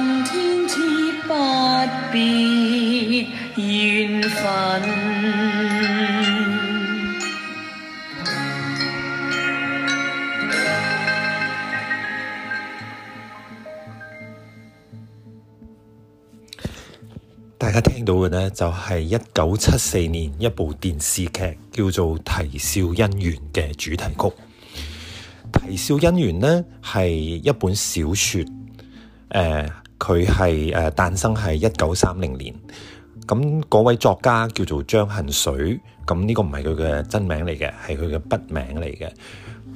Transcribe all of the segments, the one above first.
問天賜不別緣分。大家聽到嘅呢，就係一九七四年一部電視劇叫做《啼笑姻緣》嘅主題曲，《啼笑姻緣》呢，係一本小說，呃佢係誒誕生喺一九三零年，咁嗰位作家叫做張恨水，咁呢個唔係佢嘅真名嚟嘅，係佢嘅筆名嚟嘅。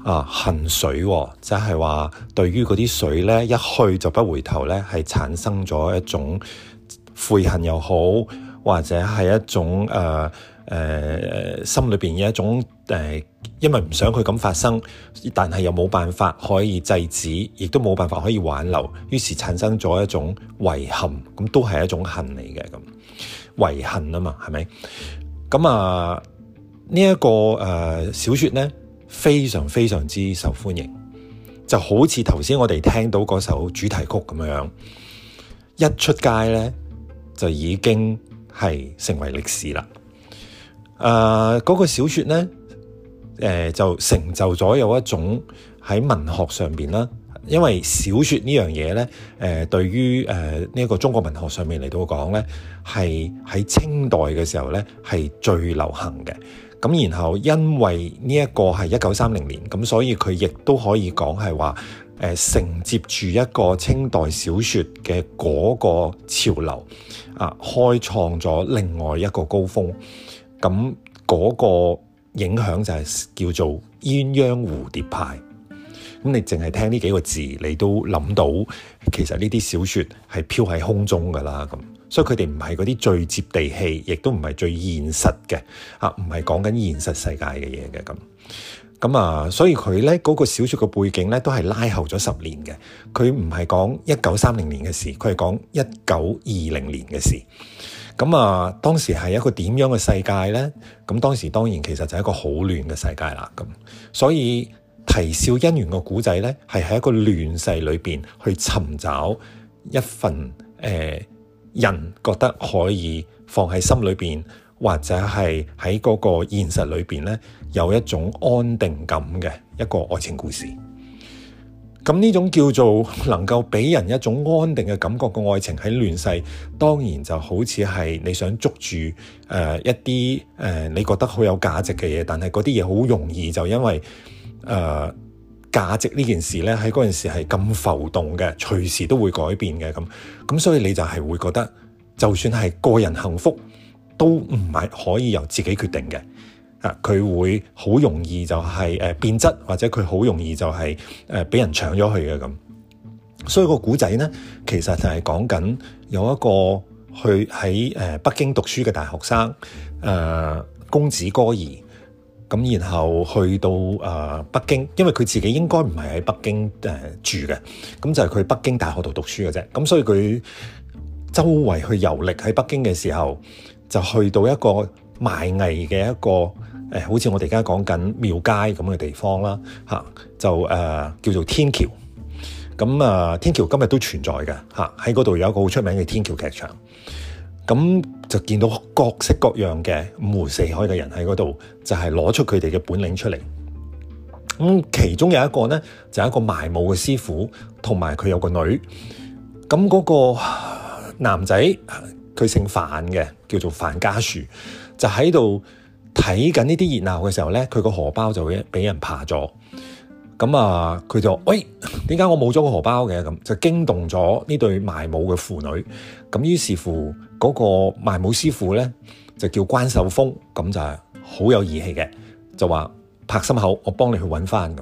啊，恨水即係話對於嗰啲水咧一去就不回頭咧，係產生咗一種悔恨又好，或者係一種誒誒心裏邊嘅一種。呃呃誒，因為唔想佢咁發生，但係又冇辦法可以制止，亦都冇辦法可以挽留，於是產生咗一種遺憾，咁都係一種恨嚟嘅，咁遺憾啊嘛，係咪咁啊？呃呢個呃、呢一個誒小説咧，非常非常之受歡迎，就好似頭先我哋聽到嗰首主題曲咁樣，一出街咧就已經係成為歷史啦。誒、呃，嗰、嗰個小説咧。誒、呃、就成就咗有一種喺文學上邊啦，因為小説呢樣嘢咧，誒、呃、對於誒呢一個中國文學上面嚟到講咧，係喺清代嘅時候咧係最流行嘅。咁然後因為呢一個係一九三零年，咁所以佢亦都可以講係話誒承接住一個清代小説嘅嗰個潮流啊，開創咗另外一個高峰。咁嗰、嗰個，影響就係叫做鴛鴦蝴蝶派，咁你淨係聽呢幾個字，你都諗到其實呢啲小説係飄喺空中噶啦咁，所以佢哋唔係嗰啲最接地氣，亦都唔係最現實嘅，啊，唔係講緊現實世界嘅嘢嘅咁。咁啊，所以佢咧嗰個小説嘅背景咧都係拉後咗十年嘅，佢唔係講一九三零年嘅事，佢係講一九二零年嘅事。咁啊，當時係一個點樣嘅世界呢？咁當時當然其實就係一個好亂嘅世界啦。咁所以啼笑姻緣個古仔呢，係喺一個亂世裏邊去尋找一份誒、呃、人覺得可以放喺心裏邊，或者係喺嗰個現實裏邊呢有一種安定感嘅一個愛情故事。咁呢種叫做能夠俾人一種安定嘅感覺嘅愛情喺亂世，當然就好似係你想捉住誒、呃、一啲誒、呃、你覺得好有價值嘅嘢，但係嗰啲嘢好容易就因為誒、呃、價值呢件事咧，喺嗰陣時係咁浮動嘅，隨時都會改變嘅咁，咁所以你就係會覺得，就算係個人幸福，都唔係可以由自己決定嘅。啊！佢會好容易就係、是、誒、呃、變質，或者佢好容易就係誒俾人搶咗去嘅咁。所以個古仔咧，其實就係講緊有一個去喺誒、呃、北京讀書嘅大學生，誒、呃、公子哥兒。咁然後去到誒、呃、北京，因為佢自己應該唔係喺北京誒、呃、住嘅，咁就係佢北京大學度讀書嘅啫。咁所以佢周圍去遊歷喺北京嘅時候，就去到一個。賣藝嘅一個、欸、好似我哋而家講緊廟街咁嘅地方啦、啊，就、呃、叫做天橋咁啊。天橋今日都存在嘅，喺嗰度有一個好出名嘅天橋劇場。咁、啊、就見到各式各樣嘅五湖四海嘅人喺嗰度，就係、是、攞出佢哋嘅本領出嚟。咁、嗯、其中有一個咧，就係、是、一個賣武嘅師傅，同埋佢有個女。咁、啊、嗰、那個男仔佢姓樊嘅，叫做樊家樹。就喺度睇緊呢啲熱鬧嘅時候咧，佢個荷包就俾人爬咗。咁啊，佢就喂，點解我冇咗個荷包嘅？咁就驚動咗呢對賣武嘅婦女。咁於是乎，嗰個賣武師傅咧就叫關秀峰。咁就好有義氣嘅，就話拍心口，我幫你去揾翻咁。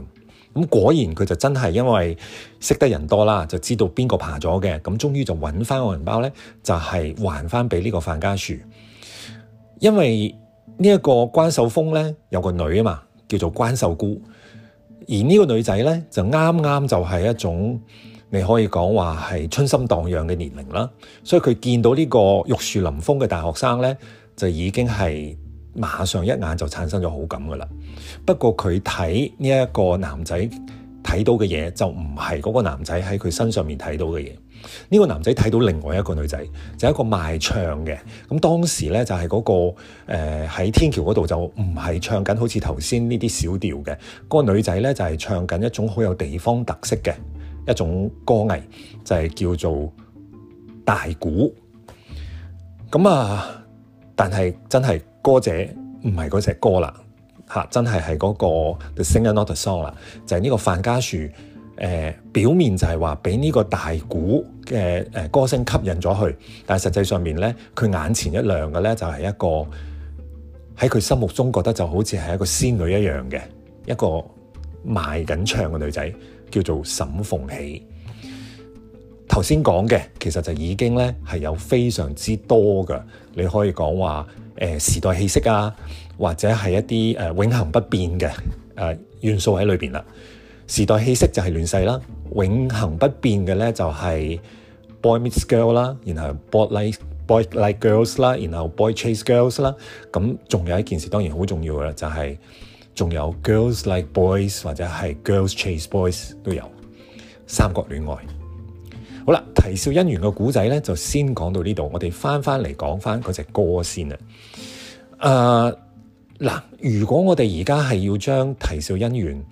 咁果然佢就真係因為識得人多啦，就知道邊個爬咗嘅。咁終於就揾翻個銀包咧，就係還翻俾呢個范家樹。因為呢一個關秀峰呢，有個女啊嘛，叫做關秀姑，而呢個女仔呢，就啱啱就係一種你可以講話係春心蕩漾嘅年齡啦，所以佢見到呢個玉樹臨風嘅大學生呢，就已經係馬上一眼就產生咗好感噶啦。不過佢睇呢一個男仔睇到嘅嘢就唔係嗰個男仔喺佢身上面睇到嘅嘢。呢、呢個男仔睇到另外一個女仔，就係、一個賣唱嘅。咁當時咧就係嗰、嗰個喺、呃、天橋嗰度就唔係唱緊好似頭先呢啲小調嘅，嗰、嗰個女仔咧就係唱緊一種好有地方特色嘅一種歌藝，就係、係、叫做大鼓。咁啊，但係真係歌者唔係嗰隻歌啦、啊，真係係嗰個 the singer not the song 啦，就係呢個范家樹誒、呃、表面就係話俾呢個大鼓嘅誒歌聲吸引咗佢，但係實際上面咧，佢眼前一亮嘅咧就係、是、一個喺佢心目中覺得就好似係一個仙女一樣嘅一個賣緊唱嘅女仔，叫做沈鳳喜。頭先講嘅其實就已經咧係有非常之多嘅，你可以講話誒時代氣息啊，或者係一啲誒、呃、永恆不變嘅誒、呃、元素喺裏邊啦。時代氣息就係亂世啦，永恆不變嘅咧就係 boy meets girl 啦，然後 boy like boy like girls 啦，然後 boy chase girls 啦，咁仲有一件事當然好重要嘅就係、是、仲有 girls like boys 或者係 girls chase boys 都有三角戀愛。好啦，啼笑姻緣嘅古仔咧就先講到呢度，我哋翻翻嚟講翻嗰隻歌先啊。啊、呃、嗱，如果我哋而家係要將啼笑姻緣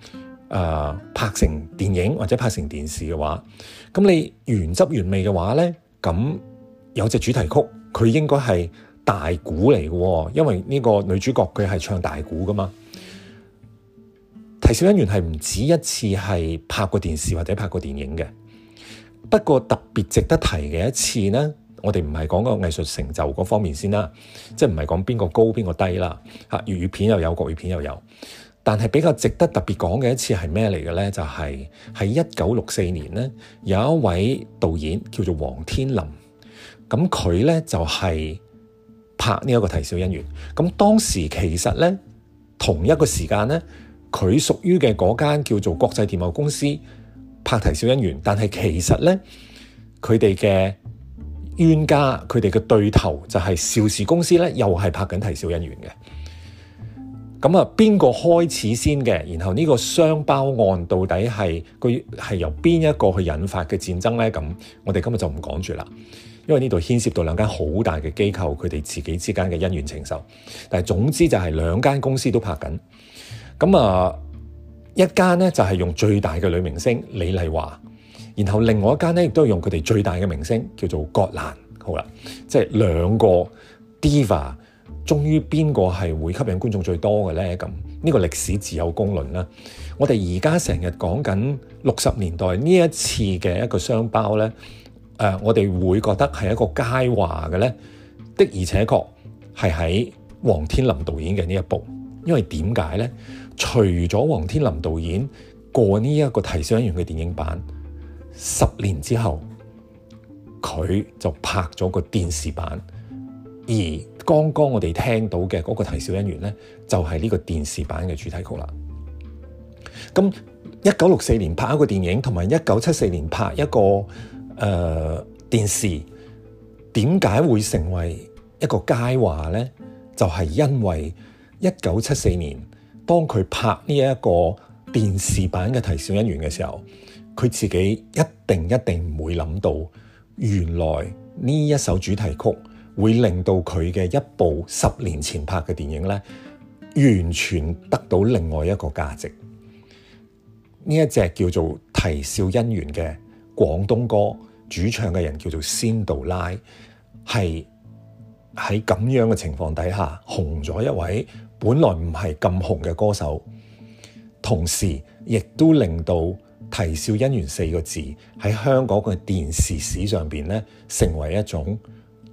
啊、呃、拍成電影或者拍成電視嘅話，咁你原汁原味嘅話呢，咁有隻主題曲，佢應該係大鼓嚟嘅，哦，因為呢個女主角佢係唱大鼓噶嘛。《啼笑姻緣》係唔止一次係拍過電視或者拍過電影嘅，不過特別值得提嘅一次呢，我哋唔係講個藝術成就嗰方面先啦，即係唔係講邊個高邊個低啦。吓，粵語片又有，國語片又有。但係比較值得特別講嘅一次係咩嚟嘅呢？就係喺一九六四年呢，有一位導演叫做黃天林，咁佢呢就係拍呢一個《啼笑姻緣》。咁當時其實呢，同一個時間呢，佢屬於嘅嗰間叫做國際電懋公司拍《啼笑姻緣》，但係其實呢，佢哋嘅冤家，佢哋嘅對頭就係邵氏公司呢，又係拍緊《啼笑姻緣》嘅。咁啊，邊個開始先嘅？然後呢個雙包案到底係佢係由邊一個去引發嘅戰爭呢？咁我哋今日就唔講住啦，因為呢度牽涉到兩間好大嘅機構，佢哋自己之間嘅恩怨情仇。但係總之就係兩間公司都拍緊。咁啊，一間呢就係用最大嘅女明星李麗華，然後另外一間呢亦都用佢哋最大嘅明星叫做葛蘭。好啦，即係兩個 diva。終於邊個係會吸引觀眾最多嘅呢？咁呢個歷史自有公論啦。我哋而家成日講緊六十年代呢一次嘅一個雙包呢，誒、呃，我哋會覺得係一個佳話嘅呢。的而且確係喺王天林導演嘅呢一部，因為點解呢？除咗王天林導演過呢一個啼笑姻緣嘅電影版，十年之後佢就拍咗個電視版，而剛剛我哋聽到嘅嗰個啼笑姻緣呢，就係、是、呢個電視版嘅主題曲啦。咁一九六四年拍一個電影，同埋一九七四年拍一個誒、呃、電視，點解會成為一個佳話呢？就係、是、因為一九七四年當佢拍呢一個電視版嘅啼笑姻緣嘅時候，佢自己一定一定唔會諗到，原來呢一首主題曲，會令到佢嘅一部十年前拍嘅電影呢，完全得到另外一個價值。呢一隻叫做《啼笑姻緣》嘅廣東歌，主唱嘅人叫做仙杜拉，係喺咁樣嘅情況底下紅咗一位本來唔係咁紅嘅歌手，同時亦都令到《啼笑姻緣》四個字喺香港嘅電視史上邊呢，成為一種。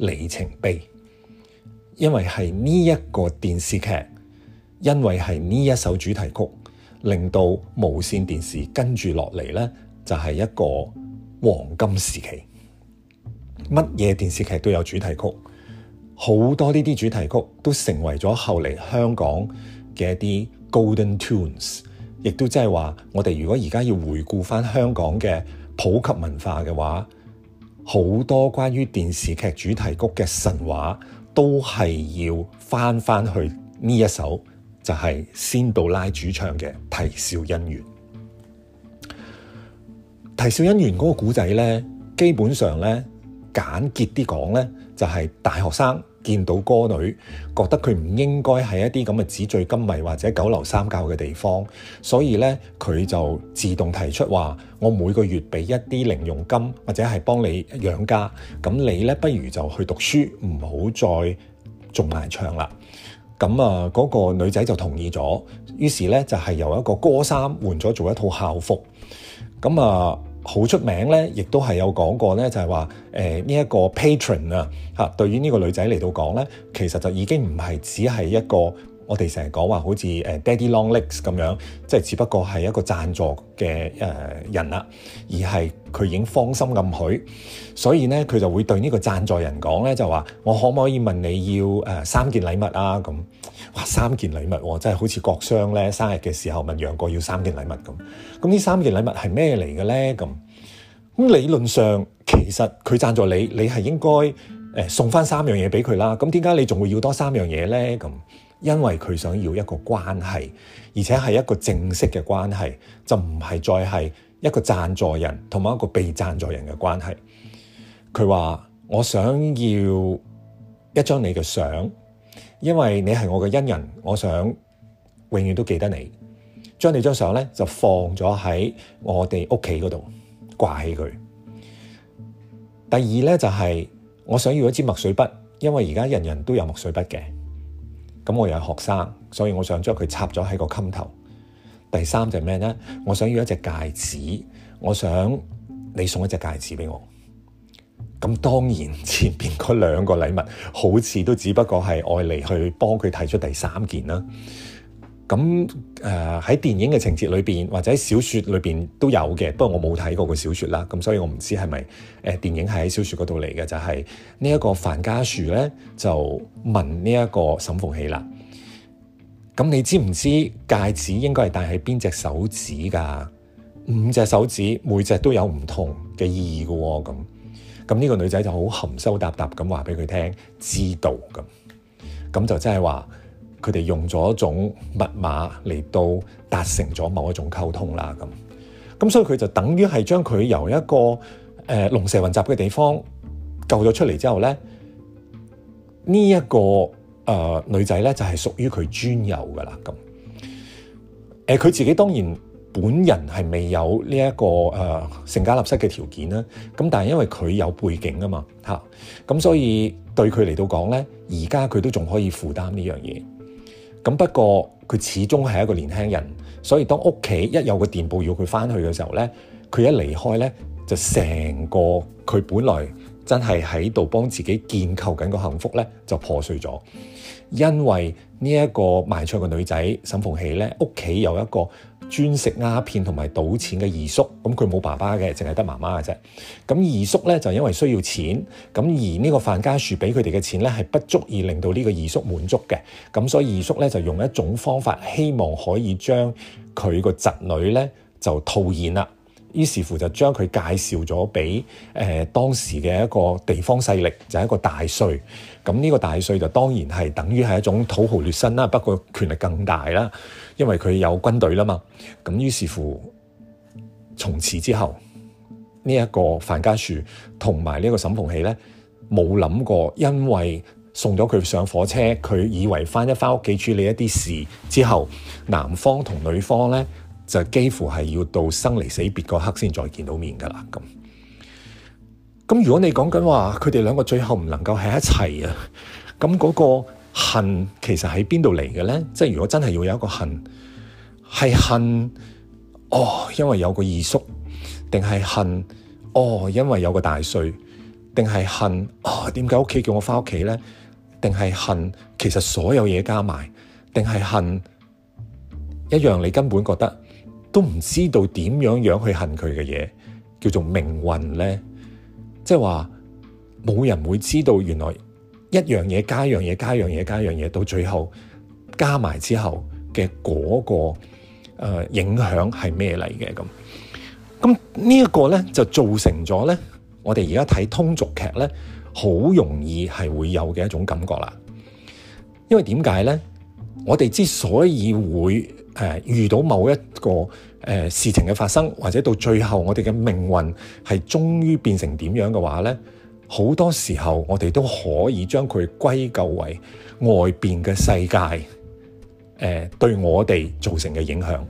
里程碑，因為係呢一個電視劇，因為係呢一首主題曲，令到無綫電視跟住落嚟呢，就係一個黃金時期。乜嘢電視劇都有主題曲，好多呢啲主題曲都成為咗後嚟香港嘅一啲 golden tunes，亦都即係話我哋如果而家要回顧翻香港嘅普及文化嘅話。好多關於電視劇主題曲嘅神話，都係要翻翻去呢一首，就係、是、仙杜拉主唱嘅《啼笑姻緣》。《啼笑姻緣》嗰個故仔呢，基本上呢，簡潔啲講呢，就係大學生。見到歌女，覺得佢唔應該喺一啲咁嘅紙醉金迷或者九流三教嘅地方，所以呢，佢就自動提出話：我每個月俾一啲零用金，或者係幫你養家。咁你呢，不如就去讀書，唔好再做賣唱啦。咁啊，嗰、那個女仔就同意咗，於是呢，就係、是、由一個歌衫換咗做一套校服。咁啊。好出名咧，亦都係有講過咧，就係話，誒呢一個 patron 啊，嚇對於呢個女仔嚟到講咧，其實就已經唔係只係一個。我哋成日講話好似誒《Daddy Long Legs》咁樣，即係只不過係一個贊助嘅誒人啦，而係佢已經芳心暗許，所以咧佢就會對呢個贊助人講咧，就話我可唔可以問你要誒三件禮物啊？咁哇，三件禮物哦，即係好似郭襄咧生日嘅時候問楊過要三件禮物咁。咁呢三件禮物係咩嚟嘅咧？咁咁理論上其實佢贊助你，你係應該誒送翻三樣嘢俾佢啦。咁點解你仲會要多三樣嘢咧？咁因為佢想要一個關係，而且係一個正式嘅關係，就唔係再係一個贊助人同埋一個被贊助人嘅關係。佢話：我想要一張你嘅相，因為你係我嘅恩人，我想永遠都記得你。將你張相咧就放咗喺我哋屋企嗰度掛起佢。第二咧就係我想要一支墨水筆，因為而家人人都有墨水筆嘅。咁我又係學生，所以我想將佢插咗喺個襟頭。第三就係咩呢？我想要一隻戒指，我想你送一隻戒指俾我。咁當然前面嗰兩個禮物好似都只不過係愛嚟去幫佢提出第三件啦。咁誒喺電影嘅情節裏邊或者小説裏邊都有嘅，不過我冇睇過個小説啦，咁所以我唔知係咪誒電影係喺小説嗰度嚟嘅，就係呢一個樊家樹咧就問呢一個沈鳳喜啦。咁你知唔知戒指應該係戴喺邊隻手指噶？五隻手指每隻都有唔同嘅意義嘅喎、哦，咁咁呢個女仔就好含羞答答咁話俾佢聽，知道咁，咁就即係話。佢哋用咗一種密碼嚟到達成咗某一種溝通啦。咁咁，所以佢就等於係將佢由一個誒、呃、龍蛇混雜嘅地方救咗出嚟之後咧，呢、這、一個誒、呃、女仔咧就係屬於佢專有噶啦。咁誒，佢、呃、自己當然本人係未有呢、這、一個誒、呃、成家立室嘅條件啦。咁但係因為佢有背景啊嘛，嚇、啊、咁，所以對佢嚟到講咧，而家佢都仲可以負擔呢樣嘢。咁不過佢始終係一個年輕人，所以當屋企一有個電報要佢翻去嘅時候咧，佢一離開咧，就成個佢本來真係喺度幫自己建構緊個幸福咧，就破碎咗，因為埋呢一個賣唱嘅女仔沈鳳喜咧，屋企有一個專食鴉片同埋賭錢嘅二叔，咁佢冇爸爸嘅，淨係得媽媽嘅啫。咁二叔咧就因為需要錢，咁而呢個樊家樹俾佢哋嘅錢咧係不足以令到呢個二叔滿足嘅，咁所以二叔咧就用一種方法，希望可以將佢個侄女咧就套現啦。於是乎就將佢介紹咗俾誒當時嘅一個地方勢力，就係、是、一個大帥。咁、嗯、呢、這個大帥就當然係等於係一種土豪劣紳啦，不過權力更大啦，因為佢有軍隊啦嘛。咁、嗯、於是乎，從此之後，呢、這、一個樊家樹同埋呢個沈鳳喜呢，冇諗過，因為送咗佢上火車，佢以為返一返屋企處理一啲事之後，男方同女方呢。就幾乎係要到生離死別嗰刻先再見到面噶啦咁。咁如果你講緊話佢哋兩個最後唔能夠喺一齊啊，咁嗰個恨其實喺邊度嚟嘅咧？即係如果真係要有一個恨，係恨哦，因為有個二叔，定係恨哦，因為有個大帥，定係恨哦，點解屋企叫我返屋企咧？定係恨其實所有嘢加埋，定係恨一樣你根本覺得。都唔知道點樣樣去恨佢嘅嘢，叫做命運咧。即係話冇人會知道，原來一樣嘢加一樣嘢加一樣嘢加一樣嘢，到最後加埋之後嘅嗰個、呃、影響係咩嚟嘅咁。咁呢一個咧就造成咗咧，我哋而家睇通俗劇咧，好容易係會有嘅一種感覺啦。因為點解咧？我哋之所以會誒遇到某一個誒事情嘅發生，或者到最後我哋嘅命運係終於變成點樣嘅話咧，好多時候我哋都可以將佢歸咎為外邊嘅世界誒對我哋造成嘅影響。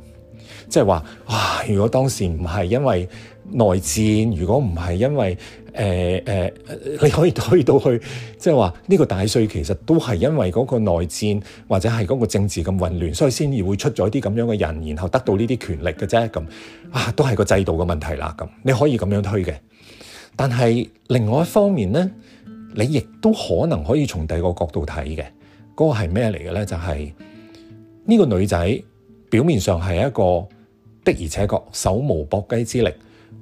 即係話哇，如果當時唔係因為內戰，如果唔係因為誒誒、呃呃，你可以推到去，即係話呢個大帥其實都係因為嗰個內戰或者係嗰個政治咁混亂，所以先至會出咗啲咁樣嘅人，然後得到呢啲權力嘅啫。咁啊，都係個制度嘅問題啦。咁你可以咁樣推嘅。但係另外一方面咧，你亦都可能可以從第二個角度睇嘅。嗰、嗰個係咩嚟嘅咧？就係、係、呢個女仔。表面上係一個的而且確手無縛雞之力，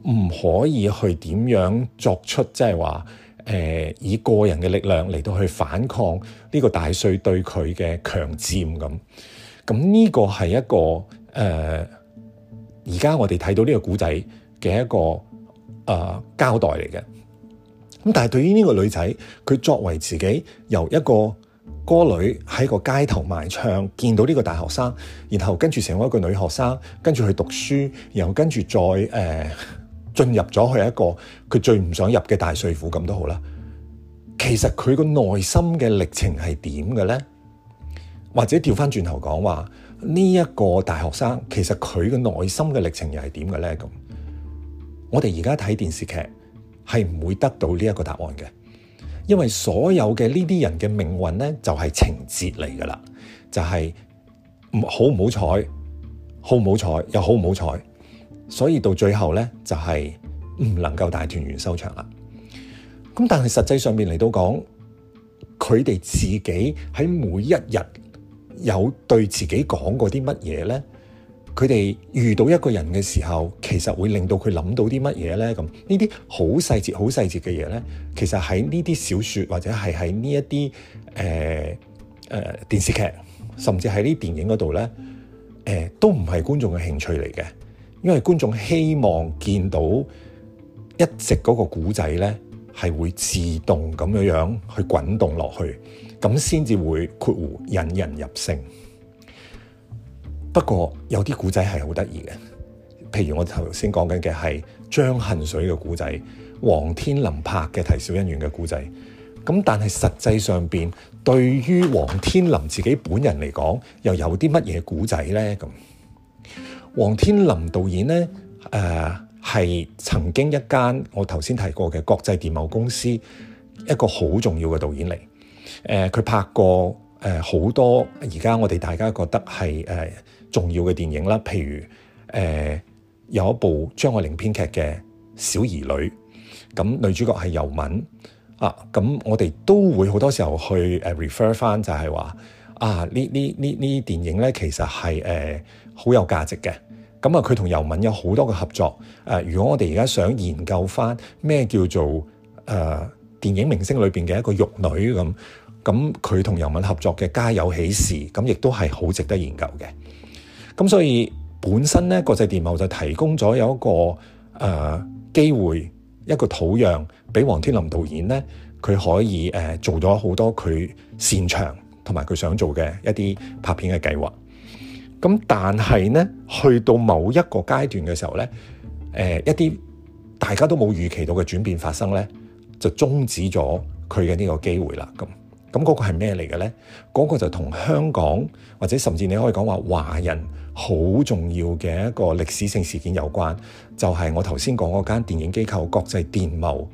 唔可以去點樣作出即係話誒以個人嘅力量嚟到去反抗呢個大帥對佢嘅強佔咁。咁呢個係一個誒而家我哋睇到呢個古仔嘅一個誒、呃、交代嚟嘅。咁但係對於呢個女仔，佢作為自己由一個歌女喺個街頭賣唱，見到呢個大學生，然後跟住成為一個女學生，跟住去讀書，然後跟住再誒、呃、進入咗去一個佢最唔想入嘅大帥府。咁都好啦。其實佢個內心嘅歷程係點嘅呢？或者調翻轉頭講話呢一個大學生，其實佢嘅內心嘅歷程又係點嘅呢？咁我哋而家睇電視劇係唔會得到呢一個答案嘅。因為所有嘅呢啲人嘅命運呢，就係情節嚟噶啦，就係好唔好彩，好唔好彩，又好唔好彩，所以到最後呢，就係唔能夠大團圓收場啦。咁但係實際上面嚟到講，佢哋自己喺每一日有對自己講過啲乜嘢呢？佢哋遇到一個人嘅時候，其實會令到佢諗到啲乜嘢咧？咁呢啲好細節、好細節嘅嘢咧，其實喺呢啲小説或者係喺呢一啲誒誒電視劇，甚至喺呢電影嗰度咧，誒、呃、都唔係觀眾嘅興趣嚟嘅，因為觀眾希望見到一直嗰個故仔咧，係會自動咁樣樣去滾動落去，咁先至會括弧引人入勝。不過有啲古仔係好得意嘅，譬如我頭先講緊嘅係張恨水嘅古仔，王天林拍嘅《啼笑姻緣》嘅古仔。咁但係實際上邊，對於王天林自己本人嚟講，又有啲乜嘢古仔呢？咁王天林導演呢，誒、呃、係曾經一間我頭先提過嘅國際電懋公司一個好重要嘅導演嚟。誒、呃、佢拍過誒好、呃、多而家我哋大家覺得係誒。呃重要嘅電影啦，譬如誒、呃、有一部張愛玲編劇嘅《小兒女》，咁女主角係尤敏啊。咁我哋都會好多時候去誒 refer 翻，就係話啊呢呢呢呢電影咧，其實係誒好有價值嘅。咁啊，佢同尤敏有好多嘅合作。誒、呃，如果我哋而家想研究翻咩叫做誒、呃、電影明星裏邊嘅一個玉女咁，咁佢同尤敏合作嘅《家有喜事》，咁亦都係好值得研究嘅。咁所以本身咧，國際電懋就提供咗有一個誒、呃、機會，一個土壤俾王天林導演咧，佢可以誒、呃、做咗好多佢擅長同埋佢想做嘅一啲拍片嘅計劃。咁但係咧，去到某一個階段嘅時候咧，誒、呃、一啲大家都冇預期到嘅轉變發生咧，就終止咗佢嘅呢個機會啦。咁。咁嗰個係咩嚟嘅呢？嗰、那個就同香港或者甚至你可以講話華人好重要嘅一個歷史性事件有關，就係、是、我頭先講嗰間電影機構國際電懋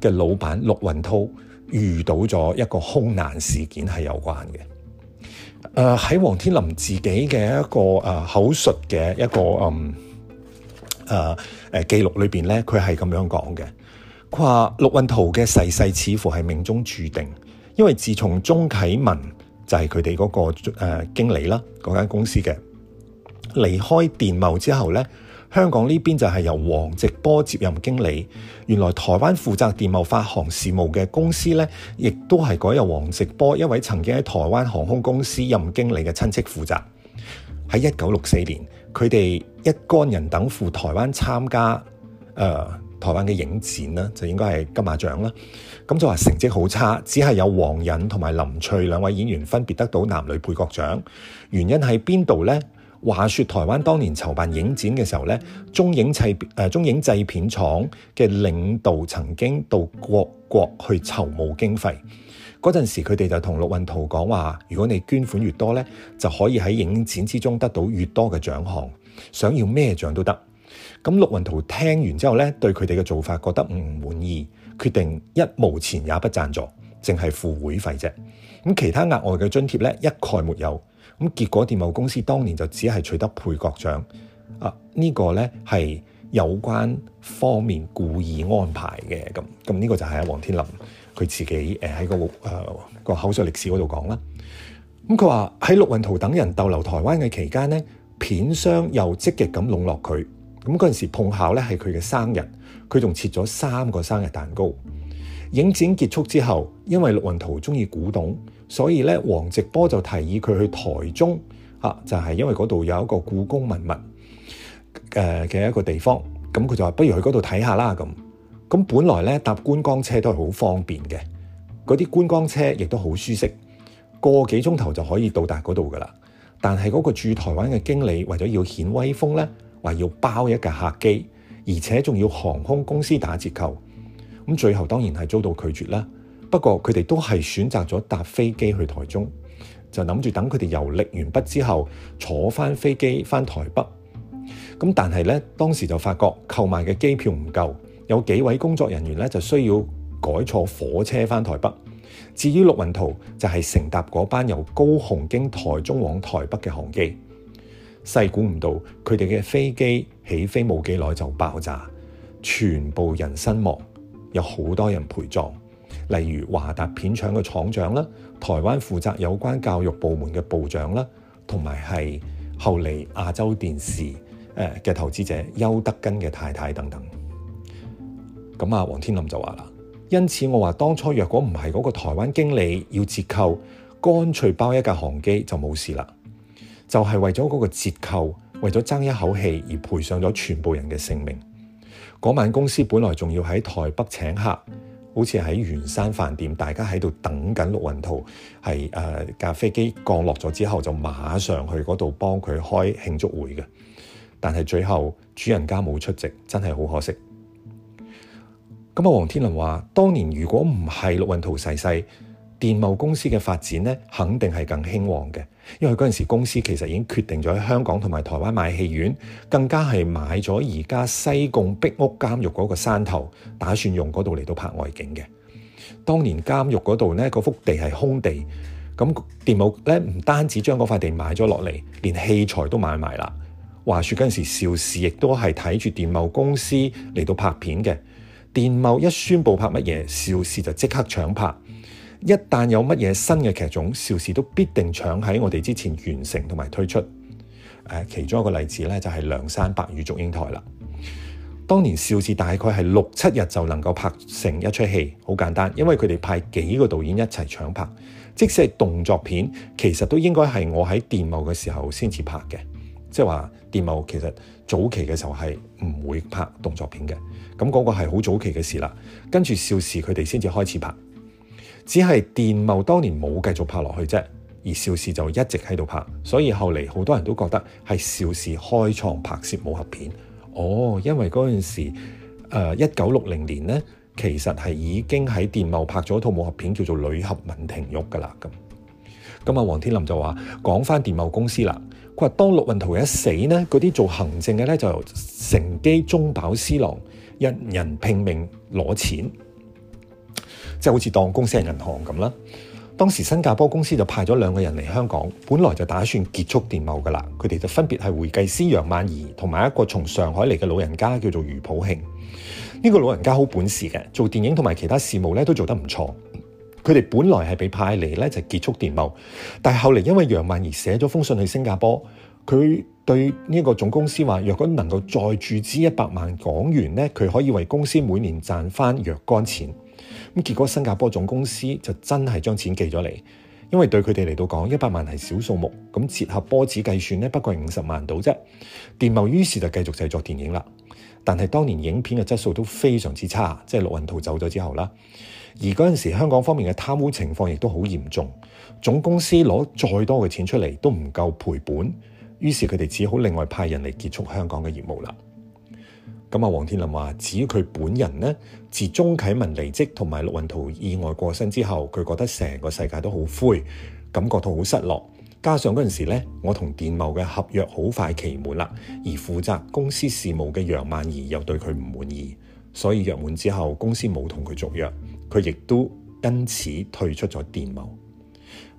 嘅老闆陸運濤遇到咗一個空難事件係有關嘅。誒喺王天林自己嘅一個誒、呃、口述嘅一個嗯誒誒、呃呃、記錄裏邊咧，佢係咁樣講嘅。佢話陸運濤嘅逝世似乎係命中注定。因為自從鍾啟文就係佢哋嗰個誒、呃、經理啦，嗰間公司嘅離開電貿之後咧，香港呢邊就係由黃直波接任經理。原來台灣負責電貿發行事務嘅公司咧，亦都係改由黃直波一位曾經喺台灣航空公司任經理嘅親戚負責。喺一九六四年，佢哋一干人等赴台灣參加誒。呃台灣嘅影展啦，就應該係金馬獎啦。咁就話成績好差，只係有王引同埋林翠兩位演員分別得到男女配角獎。原因係邊度呢？話說台灣當年籌辦影展嘅時候，呢中影製誒中影製片廠嘅領導曾經到各國，國去籌募經費。嗰陣時佢哋就同陸運圖講話：如果你捐款越多呢，就可以喺影展之中得到越多嘅獎項，想要咩獎都得。咁陸運濤聽完之後咧，對佢哋嘅做法覺得唔滿意，決定一毛錢也不贊助，淨係付會費啫。咁其他額外嘅津貼咧，一概沒有。咁結果電懋公司當年就只係取得配角獎。啊，這個、呢個咧係有關方面故意安排嘅。咁咁呢個就係王天林佢自己喺、嗰個、呃、口述歷史嗰度講啦。咁佢話喺陸運濤等人逗留台灣嘅期間咧，片商又積極咁籠絡佢。咁嗰陣時碰巧咧係佢嘅生日，佢仲切咗三個生日蛋糕。影展結束之後，因為陸運濤中意古董，所以咧黃直波就提議佢去台中啊，就係因為嗰度有一個故宮文物嘅一個地方。咁佢就話：不如去嗰度睇下啦。咁咁本來咧搭觀光車都係好方便嘅，嗰啲觀光車亦都好舒適，個幾鐘頭就可以到達嗰度噶啦。但係嗰個駐台灣嘅經理為咗要顯威風咧。話要包一架客機，而且仲要航空公司打折扣，咁最後當然係遭到拒絕啦。不過佢哋都係選擇咗搭飛機去台中，就諗住等佢哋遊歷完畢之後，坐翻飛機翻台北。咁但係呢，當時就發覺購買嘅機票唔夠，有幾位工作人員呢就需要改坐火車翻台北。至於陸運濤就係、是、乘搭嗰班由高雄經台中往台北嘅航機。細估唔到佢哋嘅飛機起飛冇幾耐就爆炸，全部人身亡，有好多人陪葬，例如華達片廠嘅廠長啦，台灣負責有關教育部門嘅部長啦，同埋係後嚟亞洲電視嘅投資者邱德根嘅太太等等。咁啊，王天林就話啦，因此我話當初若果唔係嗰個台灣經理要折扣，乾脆包一架航機就冇事啦。就係為咗嗰個折扣，為咗爭一口氣而賠上咗全部人嘅性命。嗰晚公司本來仲要喺台北請客，好似喺圓山飯店，大家喺度等緊陸運濤，係誒架飛機降落咗之後就馬上去嗰度幫佢開慶祝會嘅。但係最後主人家冇出席，真係好可惜。咁啊，黃天麟話：當年如果唔係陸運濤逝世，電懋公司嘅發展咧，肯定係更興旺嘅，因為嗰陣時公司其實已經決定咗喺香港同埋台灣買戲院，更加係買咗而家西貢壁屋監獄嗰個山頭，打算用嗰度嚟到拍外景嘅。當年監獄嗰度呢，嗰幅地係空地，咁電懋咧唔單止將嗰塊地買咗落嚟，連器材都買埋啦。話説嗰陣時，邵氏亦都係睇住電懋公司嚟到拍片嘅。電懋一宣布拍乜嘢，邵氏就即刻搶拍。一旦有乜嘢新嘅劇種，邵氏都必定搶喺我哋之前完成同埋推出。其中一個例子咧，就係《梁山伯與祝英台》啦。當年邵氏大概係六七日就能夠拍成一出戲，好簡單，因為佢哋派幾個導演一齊搶拍。即使係動作片，其實都應該係我喺電懋嘅時候先至拍嘅，即係話電懋其實早期嘅時候係唔會拍動作片嘅。咁嗰個係好早期嘅事啦。跟住邵氏佢哋先至開始拍。只係電懋當年冇繼續拍落去啫，而邵氏就一直喺度拍，所以後嚟好多人都覺得係邵氏開創拍攝武俠片。哦，因為嗰陣時，誒，一九六零年咧，其實係已經喺電懋拍咗套武俠片叫做《女俠文婷玉》噶啦。咁、嗯，咁啊，王天林就話講返電懋公司啦。佢話當陸運圖一死呢，嗰啲做行政嘅咧就由乘機中飽私囊，一人，人拼命攞錢。即係好似當公司係銀行咁啦。當時新加坡公司就派咗兩個人嚟香港，本來就打算結束電貿噶啦。佢哋就分別係會計師楊曼怡同埋一個從上海嚟嘅老人家，叫做余普慶。呢個老人家好本事嘅，做電影同埋其他事務咧都做得唔錯。佢哋本來係被派嚟咧就結束電貿，但係後嚟因為楊曼怡寫咗封信去新加坡，佢對呢個總公司話，若果能夠再注資一百萬港元咧，佢可以為公司每年賺翻若干錢。咁結果新加坡總公司就真係將錢寄咗嚟，因為對佢哋嚟到講一百萬係小數目，咁折合波子計算呢，不過係五十萬度啫。電懋於是就繼續製作電影啦，但係當年影片嘅質素都非常之差，即係陸運濤走咗之後啦，而嗰陣時香港方面嘅貪污情況亦都好嚴重，總公司攞再多嘅錢出嚟都唔夠賠本，於是佢哋只好另外派人嚟結束香港嘅業務啦。咁啊，王天林話：至於佢本人呢，自鍾啟文離職同埋陸運濤意外過身之後，佢覺得成個世界都好灰，感覺到好失落。加上嗰陣時呢，我同電貿嘅合約好快期滿啦，而負責公司事務嘅楊曼儀又對佢唔滿意，所以約滿之後，公司冇同佢續約，佢亦都因此退出咗電貿。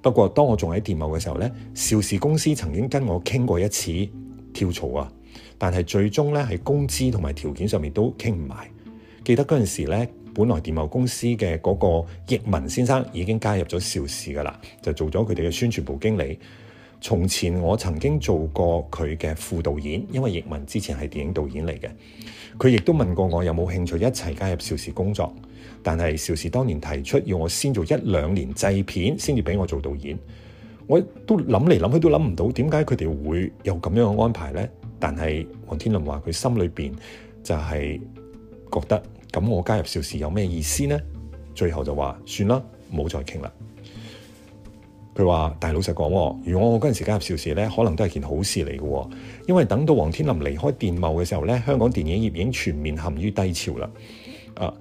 不過，當我仲喺電貿嘅時候呢，邵氏公司曾經跟我傾過一次跳槽啊。但係最終咧，喺工資同埋條件上面都傾唔埋。記得嗰陣時咧，本來電懋公司嘅嗰個易文先生已經加入咗邵氏噶啦，就做咗佢哋嘅宣傳部經理。從前我曾經做過佢嘅副導演，因為易文之前係電影導演嚟嘅。佢亦都問過我有冇興趣一齊加入邵氏工作。但係邵氏當年提出要我先做一兩年製片先至俾我做導演，我都諗嚟諗去都諗唔到點解佢哋會有咁樣嘅安排咧。但係王天林話佢心裏邊就係覺得咁我加入邵氏有咩意思呢？最後就話算啦，冇再傾啦。佢話但係老實講，如果我嗰陣時加入邵氏咧，可能都係件好事嚟嘅。因為等到王天林離開電懋嘅時候咧，香港電影業已經全面陷於低潮啦。啊，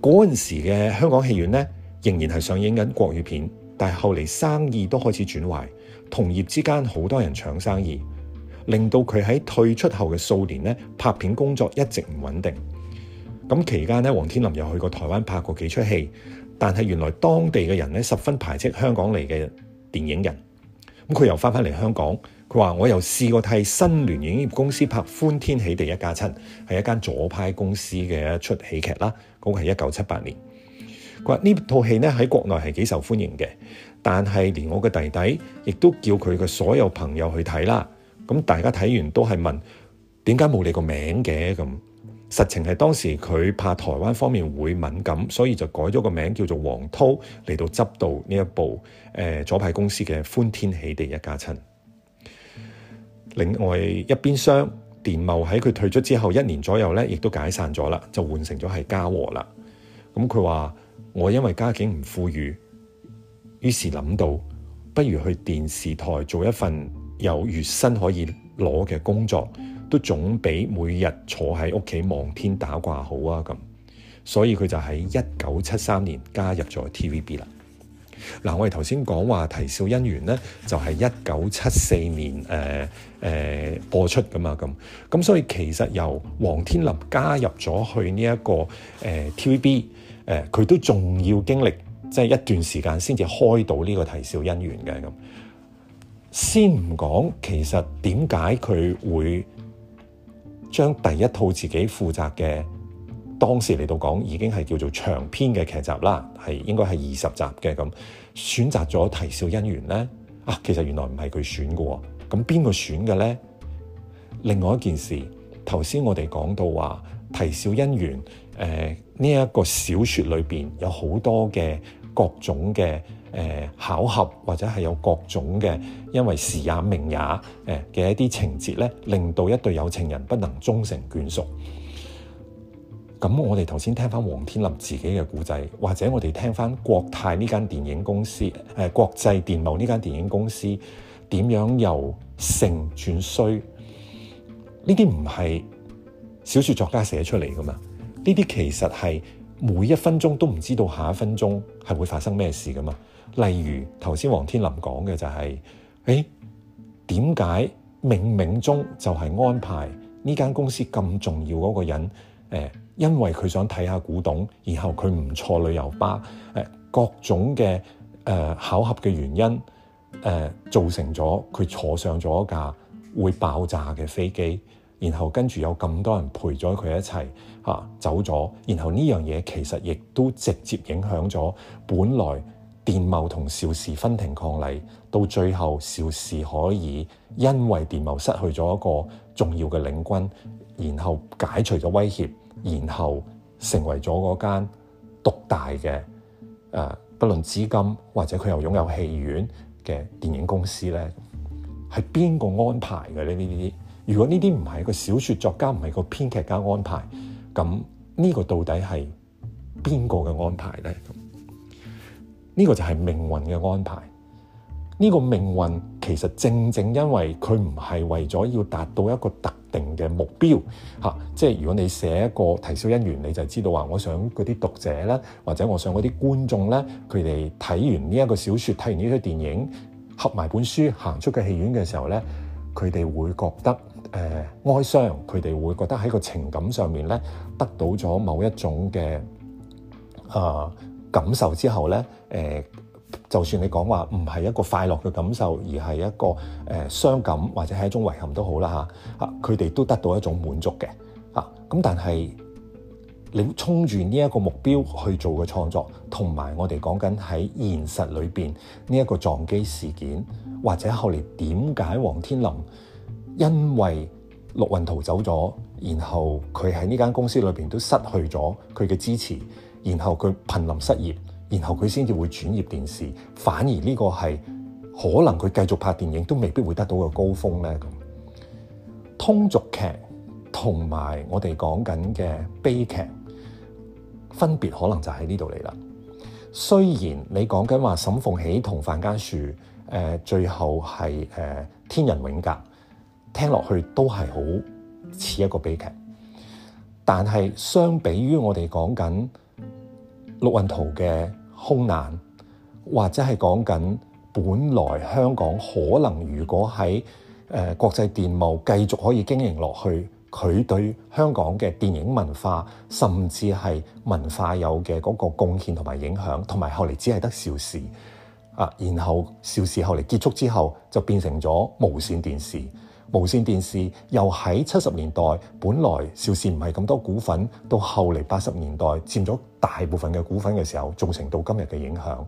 嗰陣時嘅香港戲院咧仍然係上映緊國語片，但係後嚟生意都開始轉壞，同業之間好多人搶生意。令到佢喺退出後嘅數年呢，拍片工作一直唔穩定。咁期間呢，王天林又去過台灣拍過幾出戲，但係原來當地嘅人呢，十分排斥香港嚟嘅電影人。咁佢又翻返嚟香港，佢話：我又試過替新聯影業公司拍《歡天喜地一家親》，係一間左派公司嘅一出喜劇啦。嗰、那個係一九七八年。佢話呢套戲呢，喺國內係幾受歡迎嘅，但係連我嘅弟弟亦都叫佢嘅所有朋友去睇啦。咁大家睇完都係問點解冇你個名嘅咁？實情係當時佢怕台灣方面會敏感，所以就改咗個名叫做黃濤嚟到執導呢一部誒、呃、左派公司嘅《歡天喜地一家親》。另外一邊廂，電懋喺佢退出之後一年左右咧，亦都解散咗啦，就換成咗係嘉禾啦。咁佢話：我因為家境唔富裕，於是諗到不如去電視台做一份有月薪可以攞嘅工作，都總比每日坐喺屋企望天打卦好啊！咁，所以佢就喺一九七三年加入咗 TVB 啦。嗱、啊，我哋頭先講話《啼笑姻緣》咧，就係一九七四年誒誒、呃呃、播出㗎嘛，咁咁所以其實由王天林加入咗去呢、這、一個誒、呃、TVB，誒、呃、佢都仲要經歷即係一段時間先至開到呢個提《啼笑姻緣》嘅咁。先唔講，其實點解佢會將第一套自己負責嘅當時嚟到講已經係叫做長篇嘅劇集啦，係應該係二十集嘅咁，選擇咗《啼笑姻緣》呢？啊，其實原來唔係佢選嘅喎，咁邊個選嘅呢？另外一件事，頭先我哋講到話《啼笑姻緣》誒呢一個小説裏邊有好多嘅各種嘅。誒巧合或者係有各種嘅，因為時也命也誒嘅一啲情節咧，令到一對有情人不能終成眷屬。咁我哋頭先聽翻王天林自己嘅故仔，或者我哋聽翻國泰呢間電影公司，誒國際電懋呢間電影公司點樣由盛轉衰？呢啲唔係小説作家寫出嚟㗎嘛？呢啲其實係每一分鐘都唔知道下一分鐘係會發生咩事㗎嘛？例如頭先黃天林講嘅就係、是，誒點解冥冥中就係安排呢間公司咁重要嗰個人？誒、呃，因為佢想睇下古董，然後佢唔坐旅遊巴誒、呃，各種嘅誒、呃、巧合嘅原因誒、呃，造成咗佢坐上咗一架會爆炸嘅飛機，然後跟住有咁多人陪咗佢一齊嚇、啊、走咗，然後呢樣嘢其實亦都直接影響咗本來。電懋同邵氏分庭抗禮，到最後邵氏可以因為電懋失去咗一個重要嘅領軍，然後解除咗威脅，然後成為咗嗰間獨大嘅，誒，不論資金或者佢又擁有戲院嘅電影公司咧，係邊個安排嘅呢？呢啲如果呢啲唔係一個小說作家，唔係個編劇家安排，咁呢個到底係邊個嘅安排咧？呢、這個就係命運嘅安排。呢、這個命運其實正正因為佢唔係為咗要達到一個特定嘅目標，嚇、嗯啊。即係如果你寫一個啼笑姻緣，你就知道話，我想嗰啲讀者咧，或者我想嗰啲觀眾咧，佢哋睇完呢一個小説、睇完呢出電影，合埋本書行出嘅戲院嘅時候咧，佢哋會覺得誒哀傷，佢、呃、哋會覺得喺個情感上面咧得到咗某一種嘅啊。感受之後咧，誒、呃，就算你講話唔係一個快樂嘅感受，而係一個誒、呃、傷感或者係一種遺憾都好啦嚇，啊，佢哋都得到一種滿足嘅，啊，咁但係你衝住呢一個目標去做嘅創作，同埋我哋講緊喺現實裏邊呢一個撞機事件，或者後嚟點解黃天林因為陸運濤走咗，然後佢喺呢間公司裏邊都失去咗佢嘅支持。然後佢瀕臨失業，然後佢先至會轉業電視。反而呢個係可能佢繼續拍電影都未必會得到個高峰咧。通俗劇同埋我哋講緊嘅悲劇分別可能就喺呢度嚟啦。雖然你講緊話沈鳳喜同樊家樹，誒、呃、最後係誒、呃、天人永隔，聽落去都係好似一個悲劇，但係相比於我哋講緊。陸運濤嘅空難，或者係講緊本來香港可能如果喺誒國際電懋繼續可以經營落去，佢對香港嘅電影文化，甚至係文化有嘅嗰個貢獻同埋影響，同埋後嚟只係得邵氏啊，然後邵氏後嚟結束之後，就變成咗無線電視。無線電視又喺七十年代，本來邵氏唔係咁多股份，到後嚟八十年代佔咗大部分嘅股份嘅時候，造成到今日嘅影響。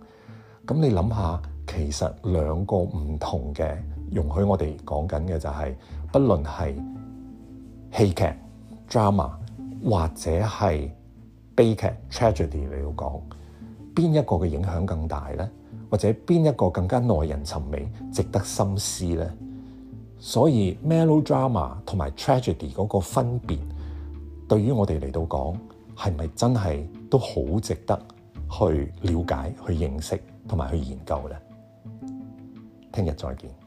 咁你諗下，其實兩個唔同嘅容許我哋講緊嘅就係、是，不論係戲劇 drama 或者係悲劇 tragedy 嚟講，邊一個嘅影響更大呢？或者邊一個更加耐人尋味，值得深思呢？所以 melodrama 同埋 tragedy 嗰個分別對於我哋嚟到講，係咪真係都好值得去了解、去認識同埋去研究咧？聽日再見。